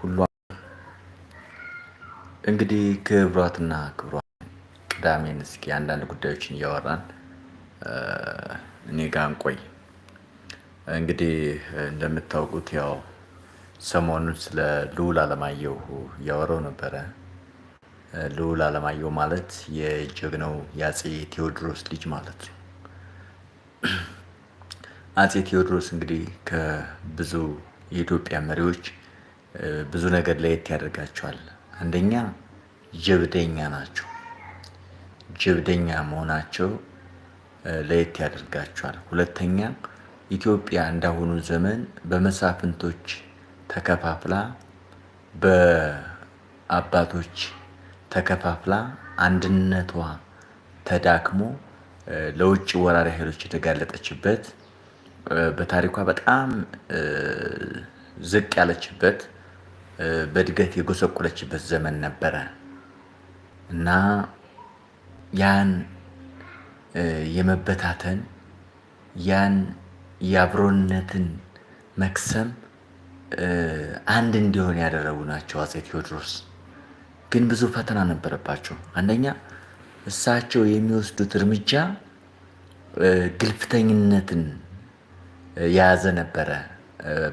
ሁሉ እንግዲህ ክብሯትና ክብሯ ቅዳሜን እስኪ አንዳንድ ጉዳዮችን እያወራን እኔ ጋር እንቆይ። እንግዲህ እንደምታውቁት ያው ሰሞኑን ስለ ልዑል አለማየሁ እያወራው ነበረ። ልዑል አለማየሁ ማለት የጀግናው የአፄ ቴዎድሮስ ልጅ ማለት ነው። አፄ ቴዎድሮስ እንግዲህ ከብዙ የኢትዮጵያ መሪዎች ብዙ ነገር ለየት ያደርጋቸዋል። አንደኛ ጀብደኛ ናቸው። ጀብደኛ መሆናቸው ለየት ያደርጋቸዋል። ሁለተኛ ኢትዮጵያ እንዳሁኑ ዘመን በመሳፍንቶች ተከፋፍላ በአባቶች ተከፋፍላ አንድነቷ ተዳክሞ ለውጭ ወራሪ ኃይሎች የተጋለጠችበት በታሪኳ በጣም ዝቅ ያለችበት በእድገት የጎሰቆለችበት ዘመን ነበረ እና ያን የመበታተን ያን የአብሮነትን መክሰም አንድ እንዲሆን ያደረጉ ናቸው አጼ ቴዎድሮስ። ግን ብዙ ፈተና ነበረባቸው። አንደኛ እሳቸው የሚወስዱት እርምጃ ግልፍተኝነትን የያዘ ነበረ።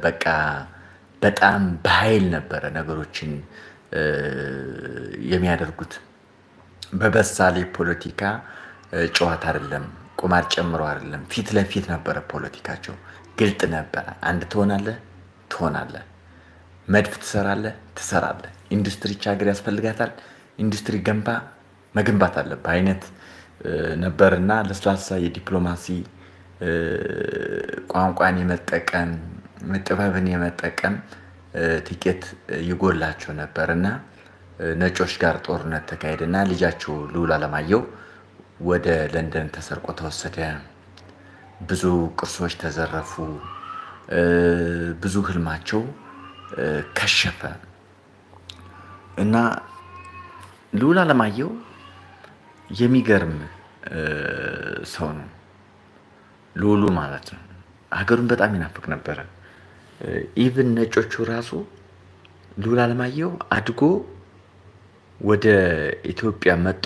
በቃ በጣም በኃይል ነበረ ነገሮችን የሚያደርጉት። በበሳሌ ፖለቲካ ጨዋታ አይደለም፣ ቁማር ጨምሮ አይደለም። ፊት ለፊት ነበረ ፖለቲካቸው፣ ግልጥ ነበረ። አንድ ትሆናለህ ትሆናለህ፣ መድፍ ትሰራለህ ትሰራለህ። ኢንዱስትሪ ሀገር ያስፈልጋታል፣ ኢንዱስትሪ ገንባ፣ መገንባት አለብህ አይነት ነበርና ለስላሳ የዲፕሎማሲ ቋንቋን የመጠቀም ጥበብን የመጠቀም ጥቂት ይጎላቸው ነበር እና ነጮች ጋር ጦርነት እና ልጃቸው ልዑል አለማየሁ ወደ ለንደን ተሰርቆ ተወሰደ። ብዙ ቅርሶች ተዘረፉ። ብዙ ህልማቸው ከሸፈ እና ልዑል አለማየሁ የሚገርም ሰው ነው። ልዑሉ ማለት ነው። ሀገሩን በጣም ይናፍቅ ነበረ። ኢቭን ነጮቹ ራሱ ልዑል አለማየሁ አድጎ ወደ ኢትዮጵያ መጦ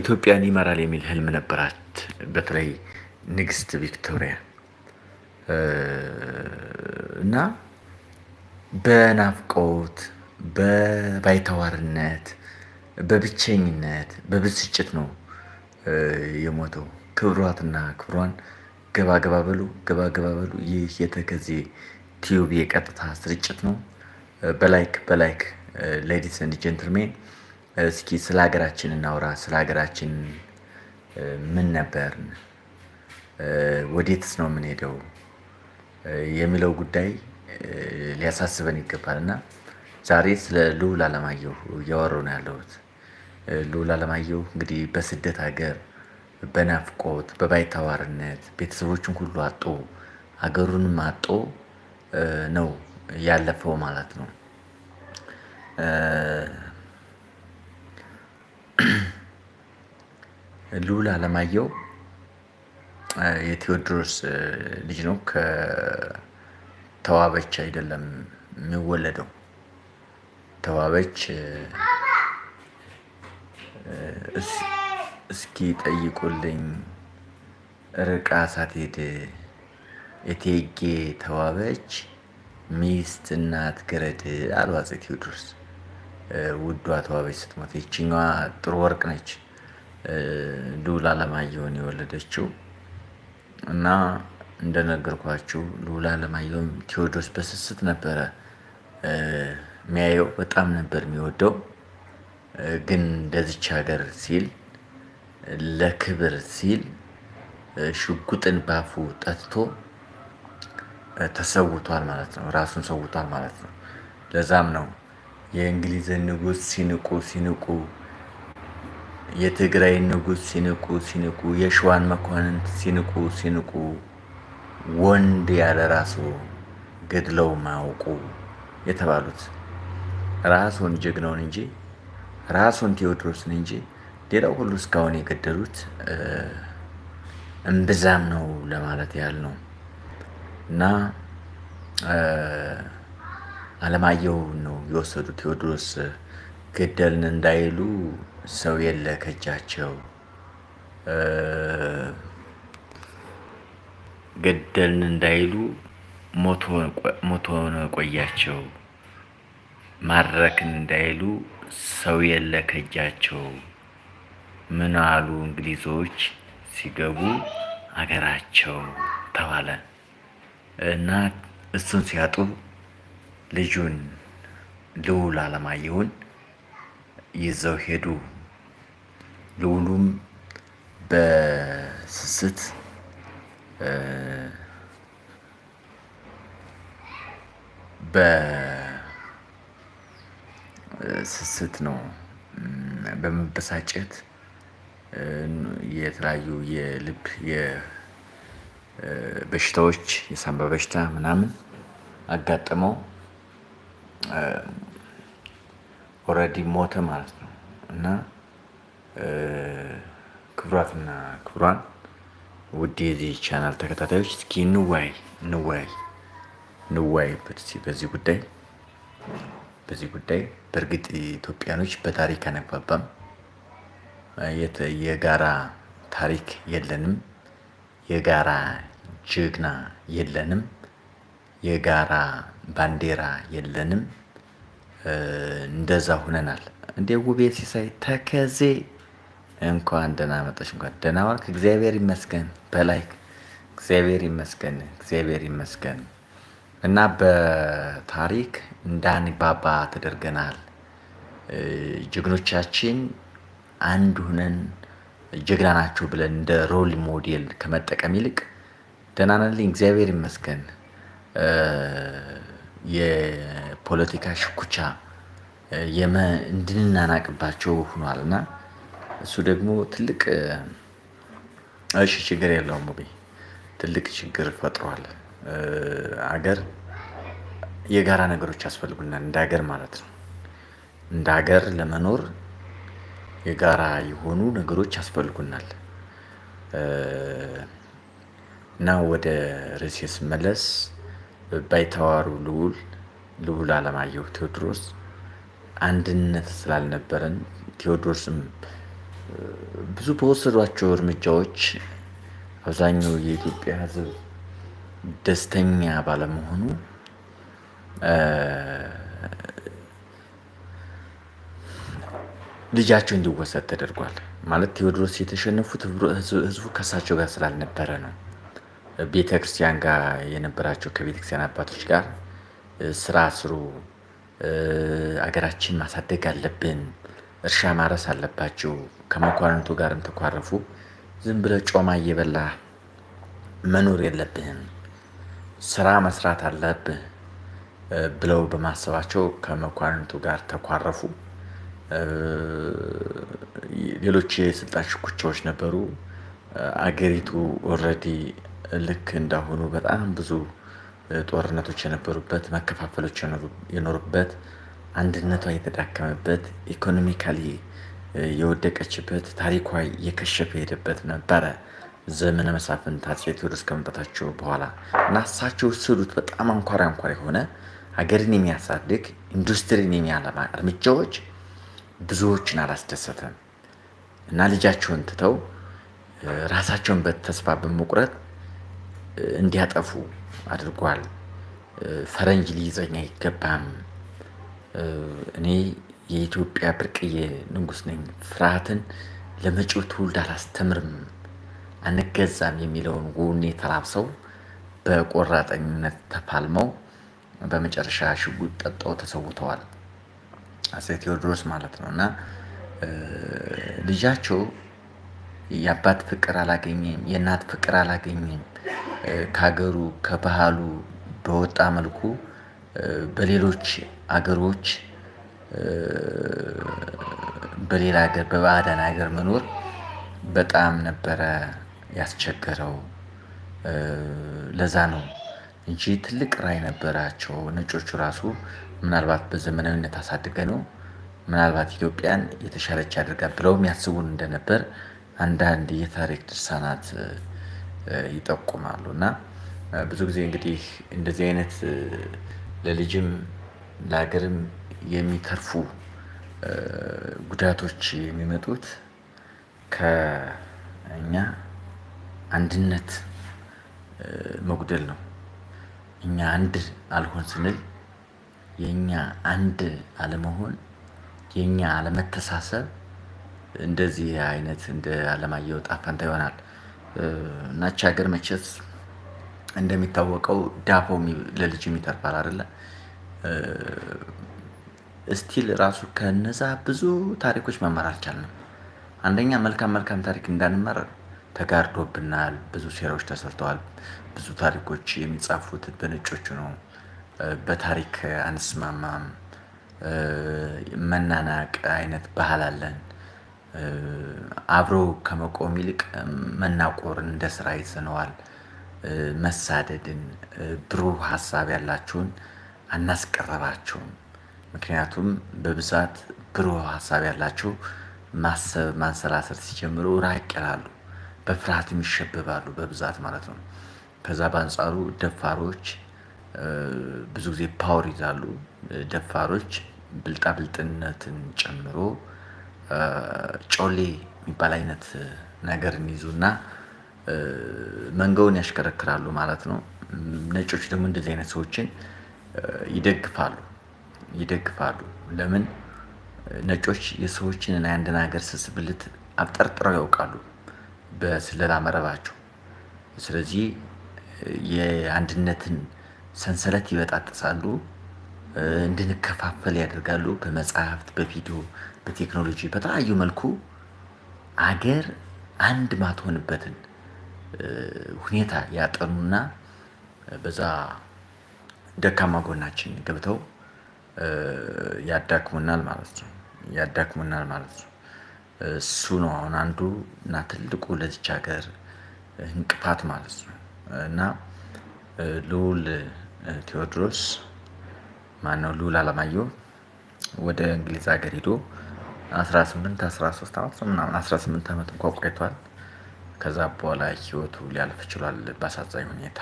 ኢትዮጵያን ይመራል የሚል ህልም ነበራት። በተለይ ንግስት ቪክቶሪያ እና በናፍቆት በባይተዋርነት በብቸኝነት በብስጭት ነው የሞተው። ክብሯትና ክብሯን ገባ ገባ በሉ፣ ገባ ገባ በሉ። ይህ የተከዜ ቲዩብ የቀጥታ ስርጭት ነው። በላይክ በላይክ ሌዲስ ኤንድ ጀንትልሜን፣ እስኪ ስለ ሀገራችን እናውራ። ስለ ሀገራችን ምን ነበርን፣ ወዴትስ ነው የምንሄደው የሚለው ጉዳይ ሊያሳስበን ይገባል እና ዛሬ ስለ ልዑል አለማየሁ እያወረው ነው ያለሁት። ልዑል አለማየሁ እንግዲህ በስደት ሀገር በናፍቆት በባይታዋርነት ቤተሰቦችን ሁሉ አጦ አገሩንም አጦ ነው ያለፈው ማለት ነው። ልዑል አለማየሁ የቴዎድሮስ ልጅ ነው። ከተዋበች አይደለም የሚወለደው። ተዋበች እስኪ ጠይቁልኝ ርቃ ሳትሄድ እቴጌ ተዋበች ሚስት እናት ገረድ አሉ አፄ ቴዎድሮስ። ውዷ ተዋበች ስትሞት ይችኛዋ ጥሩ ወርቅ ነች ልዑል አለማየሁን የወለደችው እና እንደነገርኳችሁ ልዑል አለማየሁም ቴዎድሮስ በስስት ነበረ የሚያየው፣ በጣም ነበር የሚወደው ግን እንደዚች ሀገር ሲል ለክብር ሲል ሽጉጥን ባፉ ጠጥቶ ተሰውቷል ማለት ነው። ራሱን ሰውቷል ማለት ነው። ለዛም ነው የእንግሊዝን ንጉስ ሲንቁ ሲንቁ የትግራይን ንጉስ ሲንቁ ሲንቁ የሸዋን መኳንንት ሲንቁ ሲንቁ ወንድ ያለ ራሱ ገድለው ማያውቁ የተባሉት ራሱን ጀግናውን እንጂ ራሱን ቴዎድሮስን እንጂ ሌላው ሁሉ እስካሁን የገደሉት እምብዛም ነው ለማለት ያህል ነው እና አለማየሁ ነው የወሰዱ። ቴዎድሮስ ገደልን እንዳይሉ ሰው የለ ከእጃቸው ገደልን እንዳይሉ ሞቶ ነው ቆያቸው። ማረክን እንዳይሉ ሰው የለ ከእጃቸው ምን አሉ እንግሊዞች ሲገቡ አገራቸው ተባለ እና እሱን ሲያጡ ልጁን ልዑል አለማየሁን ይዘው ሄዱ። ልዑሉም በስስት በስስት ነው በመበሳጨት የተለያዩ የልብ በሽታዎች የሳንባ በሽታ ምናምን አጋጥመው ኦልሬዲ ሞተ ማለት ነው እና ክቡራትና ክቡራን ውድ የዚህ ቻናል ተከታታዮች እስኪ እንዋይ እንዋይ እንዋይበት በዚህ ጉዳይ በዚህ ጉዳይ በእርግጥ ኢትዮጵያኖች በታሪክ አነባባም የጋራ ታሪክ የለንም። የጋራ ጀግና የለንም። የጋራ ባንዲራ የለንም። እንደዛ ሁነናል እንደ ውቤ ሲሳይ ተከዜ እንኳን ደህና መጣሽ፣ እንኳን ደህና ዋልክ። እግዚአብሔር ይመስገን በላይ እግዚአብሔር ይመስገን እግዚአብሔር ይመስገን። እና በታሪክ እንዳንግባባ ተደርገናል። ጀግኖቻችን አንድ ሁነን ጀግና ናቸው ብለን እንደ ሮል ሞዴል ከመጠቀም ይልቅ ደህና ነን እግዚአብሔር ይመስገን የፖለቲካ ሽኩቻ እንድንናናቅባቸው ሆኗል እና እሱ ደግሞ ትልቅ እሺ ችግር የለውም ሙቤ፣ ትልቅ ችግር ፈጥሯል። አገር የጋራ ነገሮች ያስፈልጉናል፣ እንደ ሀገር ማለት ነው። እንደ ሀገር ለመኖር የጋራ የሆኑ ነገሮች ያስፈልጉናል። እና ወደ ርዕሴ ስመለስ ባይተዋሩ ልዑል ልዑል አለማየሁ ቴዎድሮስ አንድነት ስላልነበረን ቴዎድሮስም ብዙ በወሰዷቸው እርምጃዎች አብዛኛው የኢትዮጵያ ሕዝብ ደስተኛ ባለመሆኑ ልጃቸው እንዲወሰድ ተደርጓል። ማለት ቴዎድሮስ የተሸነፉት ህዝቡ ከእሳቸው ጋር ስላልነበረ ነው። ቤተ ክርስቲያን ጋር የነበራቸው ከቤተ ክርስቲያን አባቶች ጋር ስራ ስሩ፣ አገራችን ማሳደግ አለብን፣ እርሻ ማረስ አለባቸው። ከመኳንንቱ ጋርም ተኳረፉ። ዝም ብለ ጮማ እየበላ መኖር የለብህም፣ ስራ መስራት አለብህ ብለው በማሰባቸው ከመኳንንቱ ጋር ተኳረፉ። ሌሎች የስልጣን ሽኩቻዎች ነበሩ። አገሪቱ ኦልሬዲ ልክ እንዳሁኑ በጣም ብዙ ጦርነቶች የነበሩበት፣ መከፋፈሎች የኖሩበት፣ አንድነቷ የተዳከመበት፣ ኢኮኖሚካሊ የወደቀችበት፣ ታሪኳ እየከሸፈ የሄደበት ነበረ ዘመነ መሳፍንት አፄ ቴዎድሮስ ከመምጣታቸው በኋላ እና እሳቸው ስሉት በጣም አንኳር አንኳር የሆነ ሀገርን የሚያሳድግ ኢንዱስትሪን የሚያለማ እርምጃዎች ብዙዎችን አላስደሰተም እና ልጃቸውን ትተው ራሳቸውን በተስፋ በመቁረጥ እንዲያጠፉ አድርጓል። ፈረንጅ ሊይዘኝ አይገባም፣ እኔ የኢትዮጵያ ብርቅዬ ንጉስ ነኝ፣ ፍርሃትን ለመጪው ትውልድ አላስተምርም፣ አንገዛም የሚለውን ጎኔ ተላብሰው በቆራጠኝነት ተፋልመው በመጨረሻ ሽጉጥ ጠጠው ተሰውተዋል። አጼ ቴዎድሮስ ማለት ነው እና ልጃቸው የአባት ፍቅር አላገኘም፣ የእናት ፍቅር አላገኘም። ከሀገሩ ከባህሉ በወጣ መልኩ በሌሎች አገሮች በሌላ ሀገር በባዕዳን ሀገር መኖር በጣም ነበረ ያስቸገረው። ለዛ ነው እንጂ ትልቅ ራዕይ ነበራቸው ነጮቹ ራሱ ምናልባት በዘመናዊነት አሳድገ ነው ምናልባት ኢትዮጵያን የተሻለች ያደርጋ ብለው የሚያስቡን እንደነበር አንዳንድ የታሪክ ድርሳናት ይጠቁማሉ። እና ብዙ ጊዜ እንግዲህ እንደዚህ አይነት ለልጅም ለሀገርም የሚተርፉ ጉዳቶች የሚመጡት ከእኛ አንድነት መጉደል ነው። እኛ አንድ አልሆን ስንል የኛ አንድ አለመሆን የኛ አለመተሳሰብ እንደዚህ አይነት እንደ አለማየሁ ዕጣ ይሆናል። እናች ሀገር መቼስ እንደሚታወቀው ዳቦ ለልጅ ይተርፋል አይደለ? እስቲል ራሱ ከነዛ ብዙ ታሪኮች መማር አልቻልንም። አንደኛ መልካም መልካም ታሪክ እንዳንመረር ተጋርዶብናል። ብዙ ሴራዎች ተሰርተዋል። ብዙ ታሪኮች የሚጻፉት በነጮቹ ነው። በታሪክ አንስማማም፣ መናናቅ አይነት ባህል አለን። አብሮ ከመቆም ይልቅ መናቆርን እንደ ስራ ይዘነዋል። መሳደድን፣ ብሩህ ሀሳብ ያላችሁን አናስቀረባችሁም። ምክንያቱም በብዛት ብሩህ ሀሳብ ያላችሁ ማሰብ ማንሰላሰል ሲጀምሩ ራቅ ይላሉ፣ በፍርሃትም ይሸብባሉ በብዛት ማለት ነው። ከዛ በአንጻሩ ደፋሮች ብዙ ጊዜ ፓወር ይዛሉ። ደፋሮች ብልጣብልጥነትን ጨምሮ ጮሌ የሚባል አይነት ነገርን ይዙና መንጋውን ያሽከረክራሉ ማለት ነው። ነጮች ደግሞ እንደዚህ አይነት ሰዎችን ይደግፋሉ ይደግፋሉ። ለምን? ነጮች የሰዎችን የአንድን ሀገር ስስብልት አብጠርጥረው ያውቃሉ በስለላ መረባቸው። ስለዚህ የአንድነትን ሰንሰለት ይበጣጥሳሉ፣ እንድንከፋፈል ያደርጋሉ። በመጽሐፍት፣ በቪዲዮ፣ በቴክኖሎጂ በተለያዩ መልኩ አገር አንድ ማትሆንበትን ሁኔታ ያጠኑና በዛ ደካማ ጎናችን ገብተው ያዳክሙናል ማለት ነው። ያዳክሙናል ማለት ነው። እሱ ነው አሁን አንዱ እና ትልቁ ለዚች ሀገር እንቅፋት ማለት ነው እና ልውል ቴዎድሮስ ማነው ልዑል አለማየሁ ወደ እንግሊዝ ሀገር ሄዶ 18 13 ዓመት ምናምን 18 ዓመት እንኳ ቆይቷል። ከዛ በኋላ ህይወቱ ሊያልፍ ችሏል በአሳዛኝ ሁኔታ።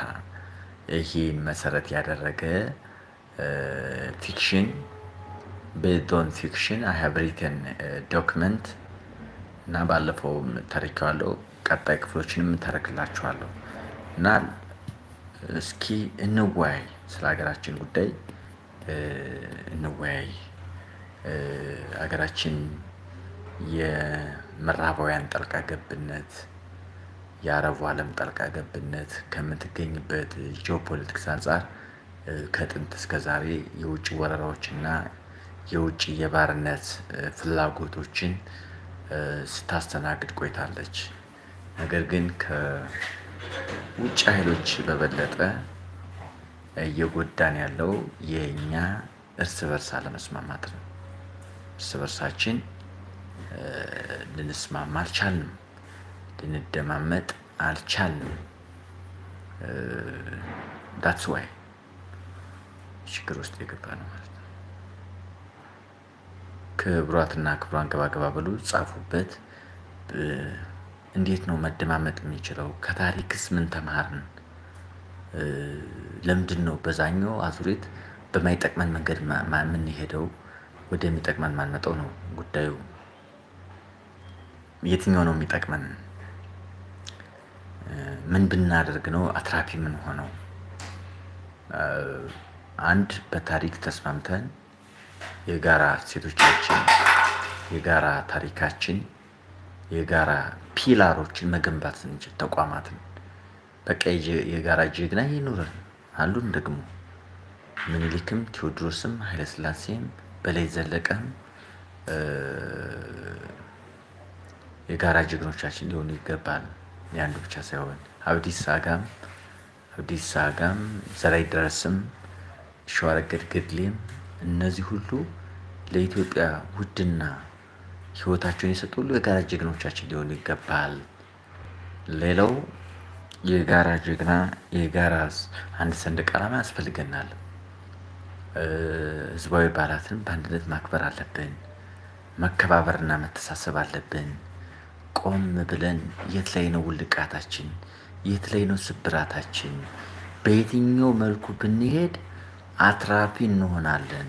ይሄ መሰረት ያደረገ ፊክሽን ቤዞን ፊክሽን አይ ሃቭ ሪትን ዶክመንት እና ባለፈው ተርኬዋለሁ። ቀጣይ ክፍሎችንም ተረክላችኋለሁ እና እስኪ እንወያይ፣ ስለ ሀገራችን ጉዳይ እንወያይ። ሀገራችን የምዕራባውያን ጣልቃ ገብነት የአረቡ ዓለም ጣልቃ ገብነት ከምትገኝበት ጂኦፖለቲክስ አንጻር ከጥንት እስከ ዛሬ የውጭ ወረራዎችና የውጭ የባርነት ፍላጎቶችን ስታስተናግድ ቆይታለች። ነገር ግን ውጭ ኃይሎች በበለጠ እየጎዳን ያለው የእኛ እርስ በርስ አለመስማማት ነው። እርስ በርሳችን ልንስማማ አልቻልንም፣ ልንደማመጥ አልቻልንም። ዳትስ ዋይ ችግር ውስጥ የገባ ነው ማለት ነው። ክብሯትና ክብሯን ገባገባ በሉ ጻፉበት። እንዴት ነው መደማመጥ የሚችለው? ከታሪክስ ምን ተማርን? ለምንድን ነው በዛኛው አዙሪት በማይጠቅመን መንገድ የምንሄደው ወደሚጠቅመን ማንመጣው ነው ጉዳዩ። የትኛው ነው የሚጠቅመን? ምን ብናደርግ ነው አትራፊ ምን ሆነው? አንድ በታሪክ ተስማምተን የጋራ ሴቶቻችን የጋራ ታሪካችን የጋራ ፒላሮችን መገንባት ስንችል ተቋማትን በቃ የጋራ ጀግና ይኑረን አሉን። ደግሞ ምኒልክም ቴዎድሮስም ኃይለስላሴም በላይ ዘለቀም የጋራ ጀግኖቻችን ሊሆኑ ይገባል። ያንዱ ብቻ ሳይሆን አብዲሳ አጋም አብዲሳ አጋም ዘርአይ ደረስም ሸዋረገድ ገድሌም እነዚህ ሁሉ ለኢትዮጵያ ውድና ህይወታቸውን የሰጡ ሁሉ የጋራ ጀግኖቻችን ሊሆኑ ይገባል። ሌላው የጋራ ጀግና የጋራ አንድ ሰንደቅ ዓላማ ያስፈልገናል። ህዝባዊ በዓላትን በአንድነት ማክበር አለብን። መከባበርና መተሳሰብ አለብን። ቆም ብለን የት ላይ ነው ውልቃታችን? የት ላይ ነው ስብራታችን? በየትኛው መልኩ ብንሄድ አትራፊ እንሆናለን።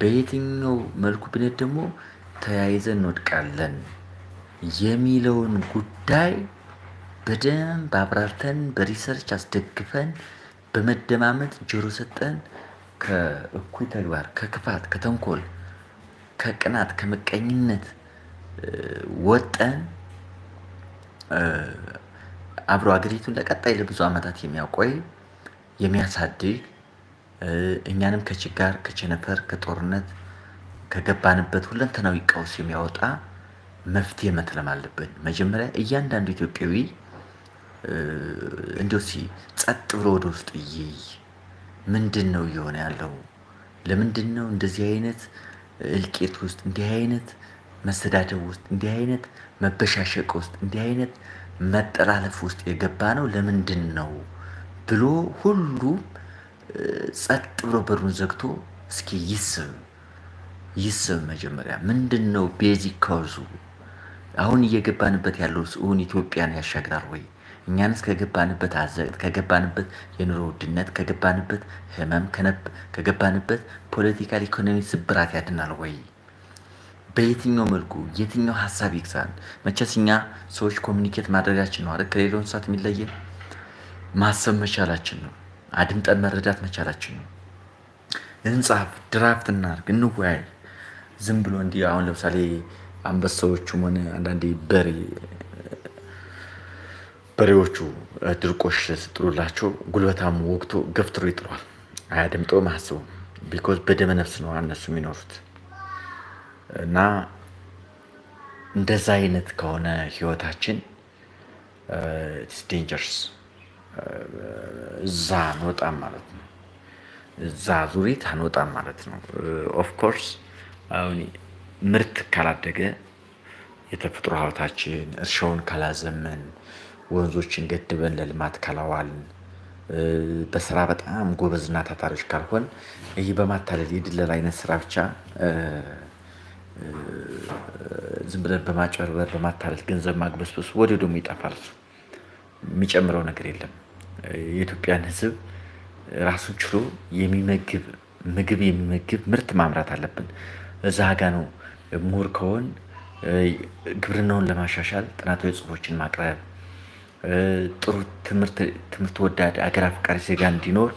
በየትኛው መልኩ ብንሄድ ደግሞ ተያይዘን እንወድቃለን የሚለውን ጉዳይ በደንብ አብራርተን በሪሰርች አስደግፈን በመደማመጥ ጆሮ ሰጠን ከእኩይ ተግባር፣ ከክፋት፣ ከተንኮል፣ ከቅናት፣ ከምቀኝነት ወጠን አብሮ አገሪቱን ለቀጣይ ለብዙ ዓመታት የሚያቆይ የሚያሳድግ እኛንም ከችጋር፣ ከቸነፈር፣ ከጦርነት ከገባንበት ሁለንተናዊ ቀውስ የሚያወጣ መፍትሄ መትለም አለብን። መጀመሪያ እያንዳንዱ ኢትዮጵያዊ ሲ ጸጥ ብሎ ወደ ውስጥ እይይ ምንድን ነው እየሆነ ያለው? ለምንድን ነው እንደዚህ አይነት እልቄት ውስጥ እንዲህ አይነት መሰዳደብ ውስጥ እንዲህ አይነት መበሻሸቅ ውስጥ እንዲህ አይነት መጠላለፍ ውስጥ የገባ ነው ለምንድን ነው ብሎ ሁሉም ጸጥ ብሎ በሩን ዘግቶ እስኪ ይስብ ይስብ መጀመሪያ ምንድን ነው ቤዚክ ካውዙ? አሁን እየገባንበት ያለው እውን ኢትዮጵያን ያሻግራል ወይ? እኛንስ ከገባንበት አዘቅት፣ ከገባንበት የኑሮ ውድነት፣ ከገባንበት ህመም፣ ከገባንበት ፖለቲካል ኢኮኖሚ ስብራት ያድናል ወይ? በየትኛው መልኩ የትኛው ሀሳብ ይግዛል? መቼስ እኛ ሰዎች ኮሚኒኬት ማድረጋችን ነው አይደል? ከሌላው እንስሳት የሚለየን ማሰብ መቻላችን ነው። አድምጠን መረዳት መቻላችን ነው። እንጻፍ፣ ድራፍት እናርግ፣ እንወያይ። ዝም ብሎ እንዲህ አሁን ለምሳሌ አንበሳዎቹም ሆነ አንዳንዴ በሬ በሬዎቹ ድርቆሽ ስጥሩላቸው ጉልበታም ወቅቶ ገፍትሮ ይጥሏል። አያደምጠውም፣ አያስቡም። ቢኮዝ በደመ ነፍስ ነው እነሱ የሚኖሩት እና እንደዛ አይነት ከሆነ ህይወታችን ዴንጀርስ እዛ አንወጣም ማለት ነው። እዛ ዙሪት አንወጣም ማለት ነው ኦፍኮርስ ምርት ካላደገ የተፈጥሮ ሀብታችን እርሻውን ካላዘመን፣ ወንዞችን ገድበን ለልማት ካላዋልን፣ በስራ በጣም ጎበዝና ታታሪዎች ካልሆን ይህ በማታለል የድለል አይነት ስራ ብቻ ዝም ብለን በማጭበርበር በማታለል ገንዘብ ማግበስበስ ወዲያው ደግሞ ይጠፋል። የሚጨምረው ነገር የለም። የኢትዮጵያን ሕዝብ ራሱን ችሎ የሚመግብ ምግብ የሚመግብ ምርት ማምራት አለብን። እዛ ጋ ነው ምሁር ከሆን ግብርናውን ለማሻሻል ጥናታዊ ጽሁፎችን ማቅረብ፣ ጥሩ ትምህርት ወዳድ አገር አፍቃሪ ዜጋ እንዲኖር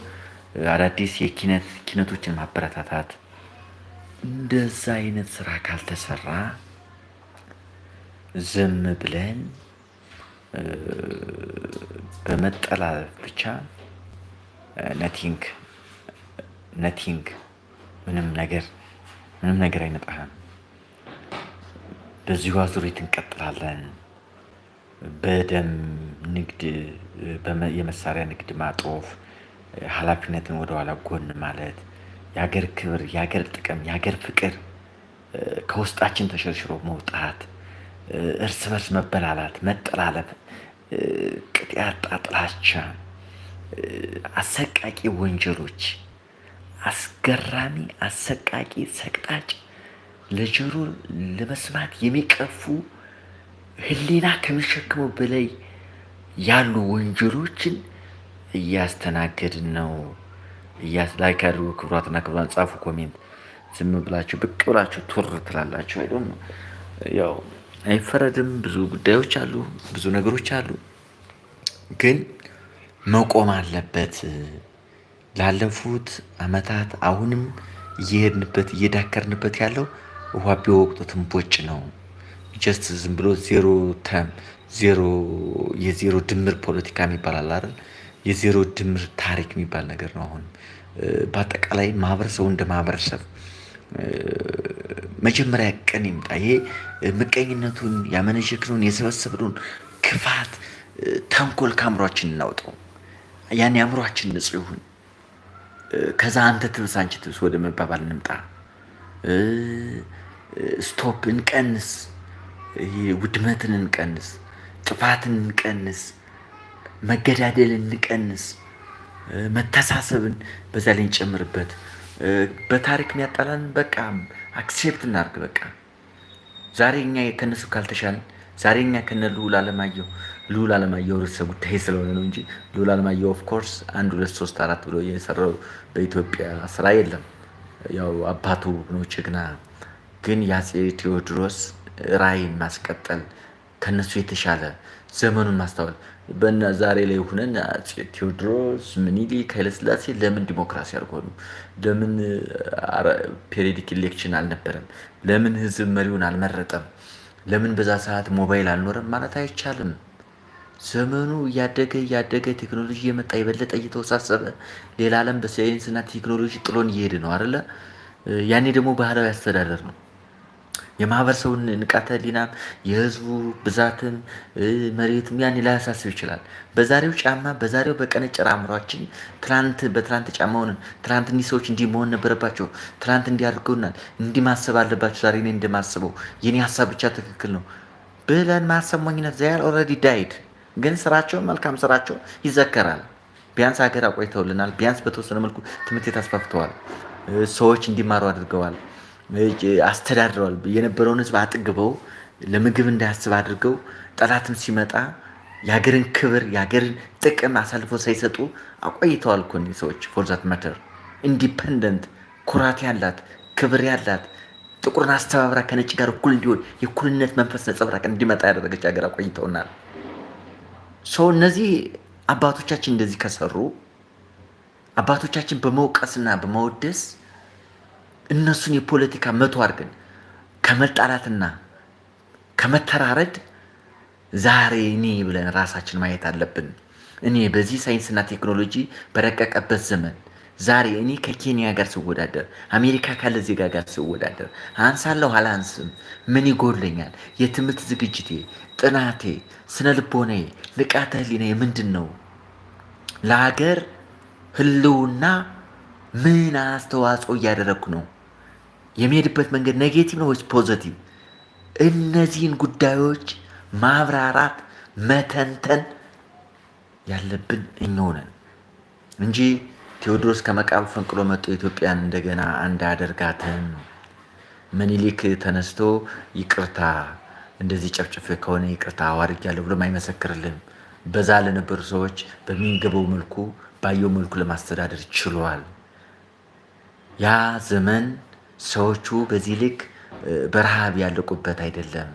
አዳዲስ የኪነት ኪነቶችን ማበረታታት። እንደዛ አይነት ስራ ካልተሰራ ዝም ብለን በመጠላለፍ ብቻ ነቲንግ ነቲንግ ምንም ነገር ምንም ነገር አይነጣህም። በዚሁ አዙሪት እንቀጥላለን። በደም ንግድ፣ የመሳሪያ ንግድ ማጦፍ፣ ኃላፊነትን ወደኋላ ጎን ማለት፣ የሀገር ክብር፣ የሀገር ጥቅም፣ የሀገር ፍቅር ከውስጣችን ተሸርሽሮ መውጣት፣ እርስ በርስ መበላላት፣ መጠላለፍ፣ ቅጥ ጥላቻ፣ አሰቃቂ ወንጀሎች አስገራሚ፣ አሰቃቂ፣ ሰቅጣጭ ለጆሮ ለመስማት የሚቀፉ ህሊና ከሚሸክመው በላይ ያሉ ወንጀሎችን እያስተናገድን ነው። ላይክ ያድርጉ። ክብሯትና ክብሯን ጻፉ ኮሜንት። ዝም ብላችሁ ብቅ ብላችሁ ቱር ትላላችሁ። አይ ያው አይፈረድም። ብዙ ጉዳዮች አሉ፣ ብዙ ነገሮች አሉ፣ ግን መቆም አለበት። ላለፉት አመታት አሁንም እየሄድንበት እየዳከርንበት ያለው ውሃ ቢወቅጡ ቦጭ ነው። ጀስት ዝም ብሎ ዜሮ ተም ዜሮ የዜሮ ድምር ፖለቲካ የሚባል አለ አይደል? የዜሮ ድምር ታሪክ የሚባል ነገር ነው። አሁን በአጠቃላይ ማህበረሰቡ እንደ ማህበረሰብ መጀመሪያ ቀን ይምጣ። ይሄ ምቀኝነቱን ያመነሸክነውን የሰበሰብነውን ክፋት፣ ተንኮል ከአእምሯችን እናውጠው። ያን የአእምሯችን ንጹህ ይሁን። ከዛ አንተ ትብስ አንቺ ትብስ ወደ መባባል እንምጣ። ስቶፕ እንቀንስ፣ ውድመትን እንቀንስ፣ ጥፋትን እንቀንስ፣ መገዳደል እንቀንስ፣ መተሳሰብን በዛ ላይ እንጨምርበት። በታሪክ የሚያጣላን በቃ አክሴፕት እናርግ። በቃ ዛሬ እኛ ከነሱ ካልተሻልን ዛሬ እኛ ከነልዑል ዓለማየሁ ልዑል አለማየሁ ርዕሰ ጉዳይ ስለሆነ ነው እንጂ ልዑል አለማየሁ ኦፍኮርስ አንድ ሁለት ሶስት አራት ብሎ የሰራው በኢትዮጵያ ስራ የለም። ያው አባቱ ነው ጀግና። ግን የአፄ ቴዎድሮስ ራዕይን ማስቀጠል ከነሱ የተሻለ ዘመኑን ማስታወል በና ዛሬ ላይ ሁነን ቴዎድሮስ፣ ምኒልክ፣ ኃይለስላሴ ለምን ዲሞክራሲ አልሆኑ? ለምን ፔሪዲክ ኢሌክሽን አልነበረም? ለምን ህዝብ መሪውን አልመረጠም? ለምን በዛ ሰዓት ሞባይል አልኖረም ማለት አይቻልም። ዘመኑ እያደገ እያደገ ቴክኖሎጂ እየመጣ የበለጠ እየተወሳሰበ ሌላ ዓለም በሳይንስና ቴክኖሎጂ ጥሎን እየሄድ ነው አይደለ? ያኔ ደግሞ ባህላዊ አስተዳደር ነው። የማህበረሰቡ ንቃተ ህሊናም የህዝቡ ብዛትም መሬትም ያኔ ላያሳስብ ይችላል። በዛሬው ጫማ በዛሬው በቀነጨረ አእምሯችን ትላንት በትላንት ጫማ ሆነን ትናንት እንዲህ ሰዎች እንዲህ መሆን ነበረባቸው፣ ትላንት እንዲህ አድርገውናል፣ እንዲህ ማሰብ አለባቸው፣ ዛሬ እኔ እንደማስበው የኔ ሀሳብ ብቻ ትክክል ነው ብለን ማሰብ ሞኝነት ዛያል ኦልሬዲ ዳይድ ግን ስራቸው መልካም ስራቸው ይዘከራል። ቢያንስ ሀገር አቆይተውልናል። ቢያንስ በተወሰነ መልኩ ትምህርት ቤት አስፋፍተዋል። ሰዎች እንዲማሩ አድርገዋል። አስተዳድረዋል። የነበረውን ህዝብ አጥግበው ለምግብ እንዳያስብ አድርገው ጠላትም ሲመጣ የሀገርን ክብር የሀገርን ጥቅም አሳልፎ ሳይሰጡ አቆይተዋል። ኮኒ ሰዎች ፎርዛት መተር ኢንዲፐንደንት ኩራት ያላት ክብር ያላት ጥቁርን አስተባብራ ከነጭ ጋር እኩል እንዲሆን የእኩልነት መንፈስ ነጸብራቅ እንዲመጣ ያደረገች ሀገር አቆይተውናል። ሰው እነዚህ አባቶቻችን እንደዚህ ከሰሩ አባቶቻችን በመውቀስና በመወደስ እነሱን የፖለቲካ መቶ አድርገን ከመጣላትና ከመተራረድ ዛሬ እኔ ብለን ራሳችን ማየት አለብን። እኔ በዚህ ሳይንስና ቴክኖሎጂ በረቀቀበት ዘመን ዛሬ እኔ ከኬንያ ጋር ስወዳደር፣ አሜሪካ ካለ ዜጋ ጋር ስወዳደር አንሳለሁ አላንስም? ምን ይጎለኛል? የትምህርት ዝግጅቴ ጥናቴ፣ ስነ ልቦናዬ፣ ንቃተ ህሊናዬ ምንድን ነው? ለሀገር ህልውና ምን አስተዋጽኦ እያደረግኩ ነው? የሚሄድበት መንገድ ኔጌቲቭ ነው ወይስ ፖዘቲቭ? እነዚህን ጉዳዮች ማብራራት መተንተን ያለብን እኛውነን እንጂ ቴዎድሮስ ከመቃብ ፈንቅሎ መጥቶ ኢትዮጵያን እንደገና እንዳያደርጋትን ምኒልክ ተነስቶ ይቅርታ እንደዚህ ጨፍጭፍ ከሆነ ይቅርታ አዋርግ ያለው ብሎም አይመሰክርልህም። በዛ ለነበሩ ሰዎች በሚንገበው መልኩ ባየው መልኩ ለማስተዳደር ችሏል። ያ ዘመን ሰዎቹ በዚህ ልክ በረሃብ ያለቁበት አይደለም።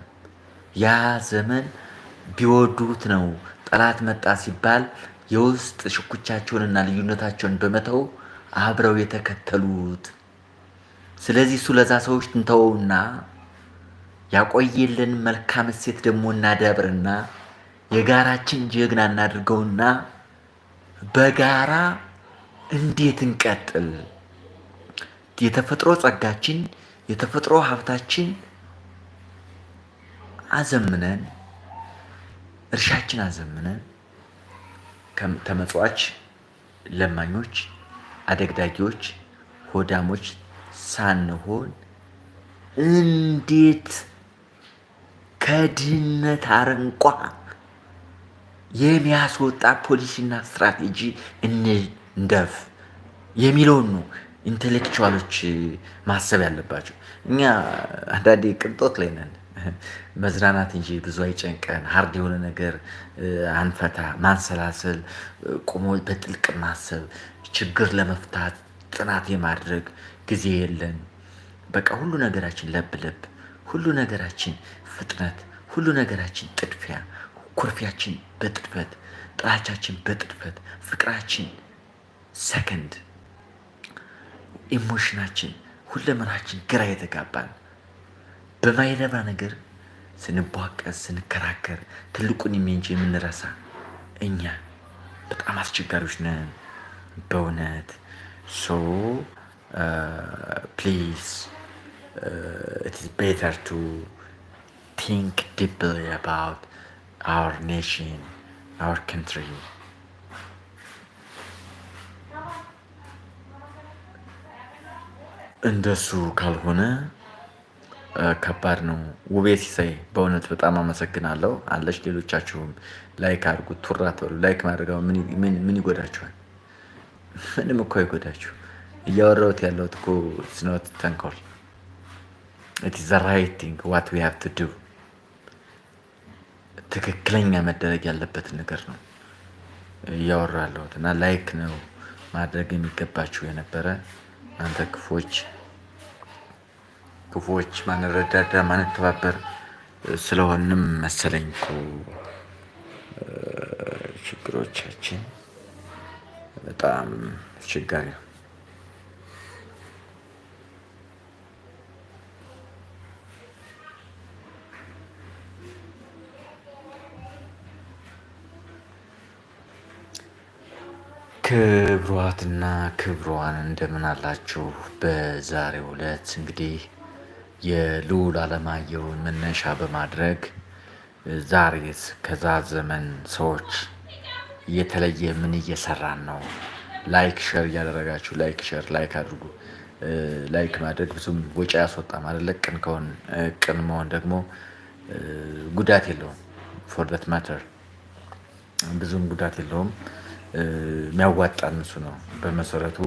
ያ ዘመን ቢወዱት ነው። ጠላት መጣ ሲባል የውስጥ ሽኩቻቸውንና ልዩነታቸውን በመተው አብረው የተከተሉት። ስለዚህ እሱ ለዛ ሰዎች እንተወውና ያቆየልን መልካም እሴት ደግሞ እናዳብርና የጋራችን ጀግና እናድርገውና በጋራ እንዴት እንቀጥል? የተፈጥሮ ጸጋችን የተፈጥሮ ሀብታችን አዘምነን እርሻችን አዘምነን ተመጽዋች ለማኞች፣ አደግዳጊዎች፣ ሆዳሞች ሳንሆን እንዴት ከድህነት አረንቋ የሚያስወጣ ፖሊሲና ስትራቴጂ እንደፍ የሚለውን ነው ኢንቴሌክቹዋሎች ማሰብ ያለባቸው። እኛ አንዳንዴ ቅንጦት ላይ ነን። መዝናናት እንጂ ብዙ አይጨንቀን። ሀርድ የሆነ ነገር አንፈታ። ማንሰላሰል፣ ቁሞ በጥልቅ ማሰብ፣ ችግር ለመፍታት ጥናት የማድረግ ጊዜ የለን። በቃ ሁሉ ነገራችን ለብ ለብ ሁሉ ነገራችን ፍጥነት፣ ሁሉ ነገራችን ጥድፊያ፣ ኩርፊያችን በጥድፈት፣ ጥላቻችን በጥድፈት፣ ፍቅራችን ሰከንድ፣ ኢሞሽናችን፣ ሁለመናችን ግራ የተጋባን በማይረባ ነገር ስንቧቀስ፣ ስንከራከር ትልቁን የሚንጭ የምንረሳ እኛ በጣም አስቸጋሪዎች ነን በእውነት ሶ ፕሊዝ Uh, it is better to think deeply about our nation, our country. እንደሱ ካልሆነ uh, ከባድ ነው። ውቤ ሲሳይ በእውነት በጣም አመሰግናለሁ። አለች ሌሎቻችሁም ላይክ አድርጉት ቱራ ትበሉ። ላይክ ማድረግ ምን ይጎዳችኋል? ምንም እኮ አይጎዳችሁ። እያወራሁት ያለሁት እኮ ስኖት ተንኮል ኢት ኢዝ ራይት ቲንግ ዋት ዊ ሃቭ ቱ ዱ ትክክለኛ መደረግ ያለበት ነገር ነው እያወራ ያለሁት እና ላይክ ነው ማድረግ የሚገባችሁ የነበረ እናንተ ክፎች ክፎች ማንረዳዳ ማንተባበር ስለሆንም መሰለኝ እኮ ችግሮቻችን በጣም አስቸጋሪ ነው። ክብሯትና ክብሯን እንደምን አላችሁ? በዛሬው ዕለት እንግዲህ የልዑል ዓለማየሁን መነሻ በማድረግ ዛሬስ ከዛ ዘመን ሰዎች እየተለየ ምን እየሰራን ነው? ላይክ ሸር እያደረጋችሁ ላይክ ሸር ላይክ አድርጉ። ላይክ ማድረግ ብዙም ወጪ ያስወጣም አይደለ? ቅን ከሆን ቅን መሆን ደግሞ ጉዳት የለውም። ፎር ዳት ማተር ብዙም ጉዳት የለውም። የሚያዋጣን እሱ ነው። በመሰረቱ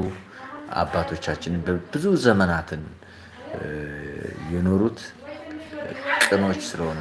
አባቶቻችን በብዙ ዘመናትን የኖሩት ቅኖች ስለሆኑ